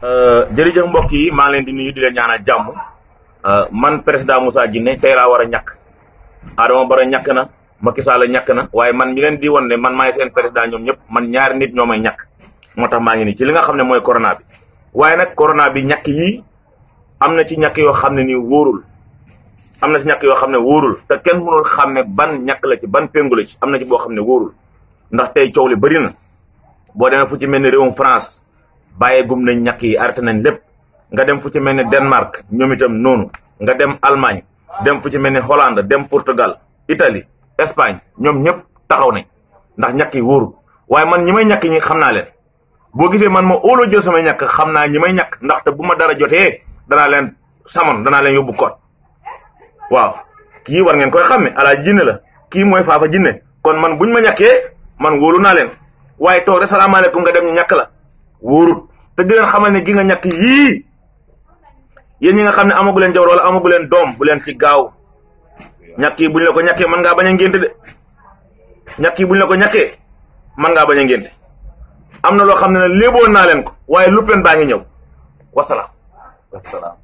Euh, jërëjëf mbokk yi maa ngi leen di nuyu di leen ñaanal jàmm euh, man président Moussa Diné tey laa war a ñàkk Adama Barrow ñàkk na Macky Sall ñàkk na waaye man mi leen di won ne man maay seen président ñoom ñëpp man ñaari nit ñoo may ñàkk moo tax maa ngi nii ci li nga xam ne mooy corona bi waaye nag corona bi ñàkk yii am na ci ñàkk yoo xam ne ni wóorul am na ci ñakk yoo xam ne wóorul kenn xam ne ban ñàkk la ci ban péngu am na ci boo xam ne wóorul ndax tey coow li bëri na boo demee fu ci mel ni réewum France bàyyi gum nañ ñàkk yi arrêté nañ lépp nga dem fu ci mel Denmark ñoom itam nonu, nga dem Allemagne dem fu ci dem Portugal italy Espagne nyom ñëpp taxaw nañ ndax ñàkk yi wóorul waaye man ñi may ñàkk ñi xam gisee man ma ulo jël samay ñàkk xam naa ñi may ñàkk ndaxte bu ma dara jotee danaa leen samoon danaa leen yóbbu koot waaw kii war ngeen koy xàmme alaaji jinne la kon man buñ ma ñàkkee man wóolu naa leen waaye toog rek salaamaaleykum nga dem ñàkk la wóorut te di xamal ne gi nga ñàkk yii yéen ñi nga xam ne amagu leen jabar wala amagu leen doom bu leen ci gaaw ñàkk yi bu ñu la ko ngaa bañ a ngénte de ñàkk yi bu ñu la ko ñàkkee mën bañ a ngénte am na loo xam ne ne léeboon naa leen ko waaye lupp baa ngi ñëw wasalaam wasalaam